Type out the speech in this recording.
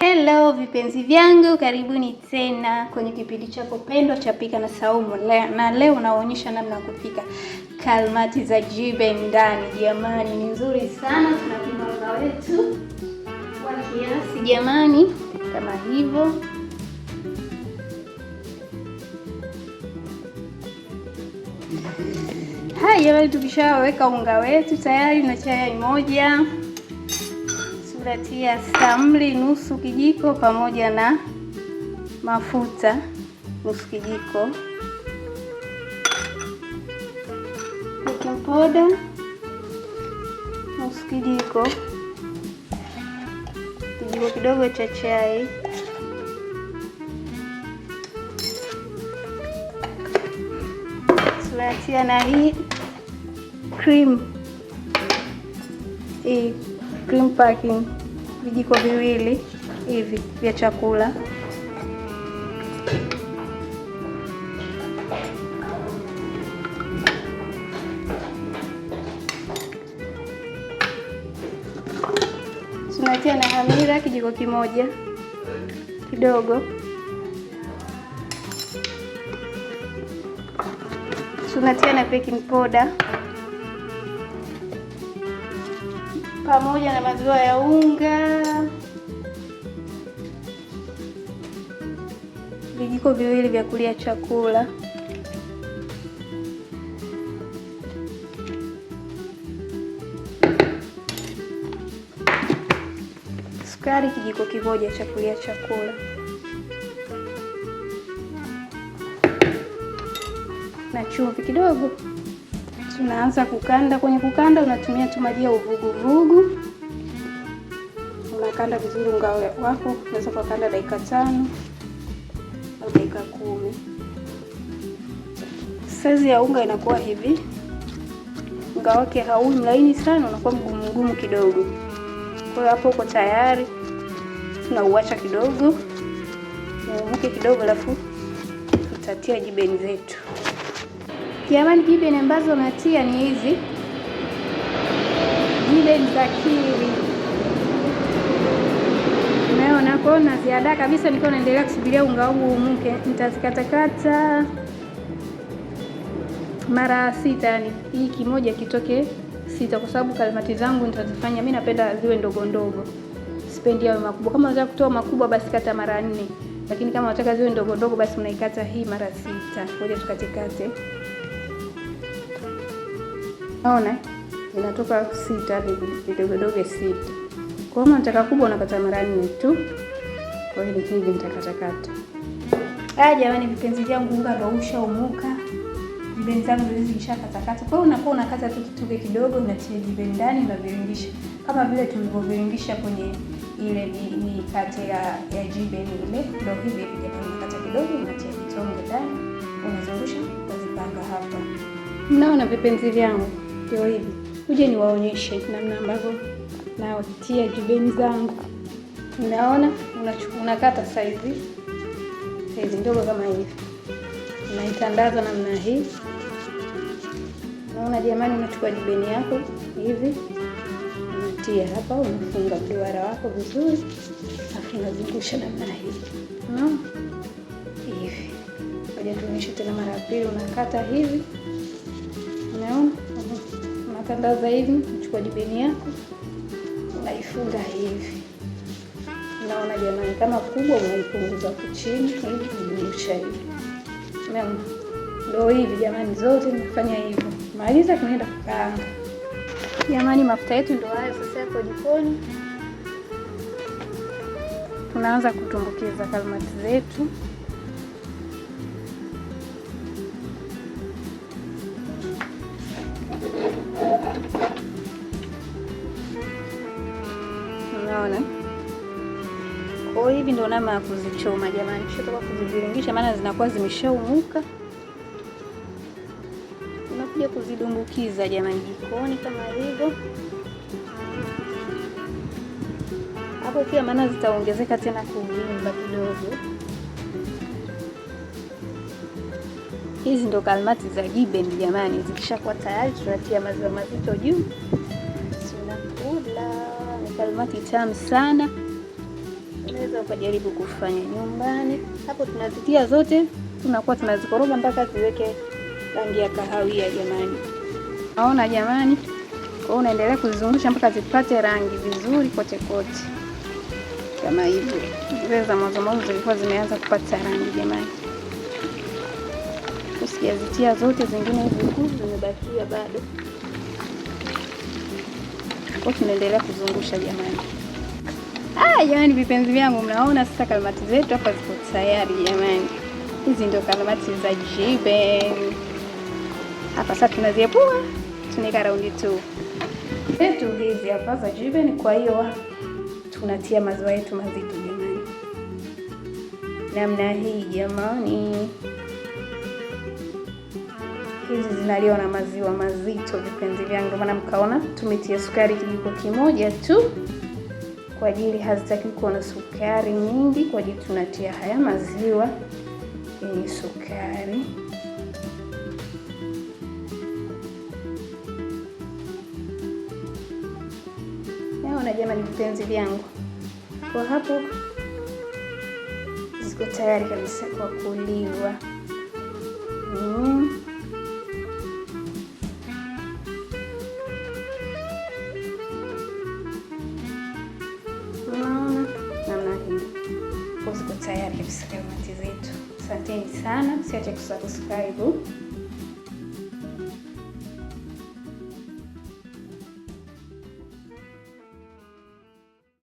Hello vipenzi vyangu, karibuni tena kwenye kipindi chako pendwa cha Pika na Saumu, na leo naonyesha namna ya kupika kalmati za jibe ndani. Jamani, ni nzuri sana. Tunapima unga wetu kwa kiasi jamani, kama hivyo Hai, tukishaweka unga wetu tayari na chai moja tutatia samli nusu kijiko pamoja na mafuta nusu kijiko, baking powder nusu kijiko, kijiko kidogo cha chai tunatia na hii cream hii cream packing, vijiko viwili hivi vya chakula tunatia na hamira kijiko kimoja kidogo, tunatia na baking powder pamoja na maziwa ya unga vijiko viwili vya kulia chakula. Sukari kijiko kimoja cha kulia chakula, na chumvi kidogo tunaanza kukanda. Kwenye kukanda unatumia tu maji ya uvuguvugu, unakanda vizuri unga wako. Unaweza kukanda dakika tano au dakika kumi. sazi ya unga inakuwa hivi, unga wake hauwi mlaini sana, unakuwa mgumu mgumu kidogo. Kwa hiyo hapo uko tayari, tunauacha kidogo uumuke kidogo, alafu tutatia jibeni zetu. Jamani, jibeni ambazo natia ni hizi jibeni za kiri, umeona. Kwa naziadaa kabisa, nikiwa naendelea kusubiria unga wangu umuke. Nitazikatakata mara sita, yani hii kimoja kitoke sita, kwa sababu kaimati zangu nitazifanya mimi, napenda ziwe ndogo ndogo, sipendi yawe makubwa. Kama unataka kutoa makubwa, basi kata mara nne, lakini kama unataka ziwe ndogo ndogo, basi unaikata hii mara sita. Ngoja tukatekate Naona inatoka sita vidogo vidogo sita. Kwa hiyo nataka kubwa, unakata mara nne tu. Kwa hiyo ni hivi nitakatakata. Haya jamani, vipenzi vyangu, unga ndo ushaumuka, jibeni zangu hizi nishakatakata. Kwa hiyo unakuwa unakata tu kitoke kidogo, unatia jibeni ndani, unaviringisha kama vile tulivyoviringisha kwenye ile mikate ya, ya jibeni ile, Ndio hivi unakata kidogo, unatia vitonge ndani, unazungusha, unazipanga hapa. Mnaona vipenzi vyangu video hivi, uje niwaonyeshe namna ambavyo natia jibeni zangu. Unaona, unakata saizi saizi ndogo kama hivi, unaitandaza namna hii. Unaona jamani, unachukua jibeni yako hivi unatia hapa, unafunga duara wako vizuri, afu unazungusha namna hii no? hivi. Ngoja tuonyeshe tena mara ya pili, unakata hivi, unaona unatandaza hivi, chukua jibini yako unaifunga hivi. Naona jamani, kama kubwa unaipunguza kuchini hivi, kujuusha hivi, umeona? Ndio hivi jamani, zote nafanya hivyo. Maliza tunaenda kukaanga jamani. Mafuta yetu ndio hayo sasa, yako jikoni. Tunaanza kutumbukiza kalmati zetu. Unaona, kwa hivi ndio namna ya kuzichoma jamani, kisha kuziviringisha, maana zinakuwa zimeshaumuka. Unakuja kuzidumbukiza jamani jikoni kama hivyo hapo pia, maana zitaongezeka tena kuvimba kidogo. Hizi ndo kalmati za jibeni jamani, zikishakuwa tayari tunatia maziwa mazito juu kalmati tamu sana, unaweza ukajaribu kufanya nyumbani. Hapo tunazitia zote, tunakuwa tunazikoroga mpaka ziweke rangi ya kahawia. Jamani, naona jamani. Kwa unaendelea kuzizungusha mpaka zipate rangi vizuri kote kote, kama hivyo. Zile za mwanzo mwanzo zilikuwa zimeanza kupata rangi jamani, usijazitia zote, zingine hivi huku zimebakia bado kwa tunaendelea kuzungusha jamani. Ah, jamani vipenzi vyangu, mnaona sasa kalamati zetu hapa ziko tayari jamani. Hizi ndio kalamati za jibe hapa. Sasa tunaziepua tunaweka raundi tu zetu hizi hapa za jibe. Kwa hiyo tunatia maziwa yetu mazito jamani, namna hii jamani hizi zinaliwa na maziwa mazito, vipenzi vyangu, ndio maana mkaona tumetia sukari kijiko kimoja tu, kwa ajili hazitaki kuwa na sukari nyingi, kwa ajili tunatia haya maziwa yenye sukari na jamani, vipenzi vyangu, kwa hapo ziko tayari kabisa kwa kuliwa mm. tayari kufika mati Asanteni sana, msiache kusubscribe.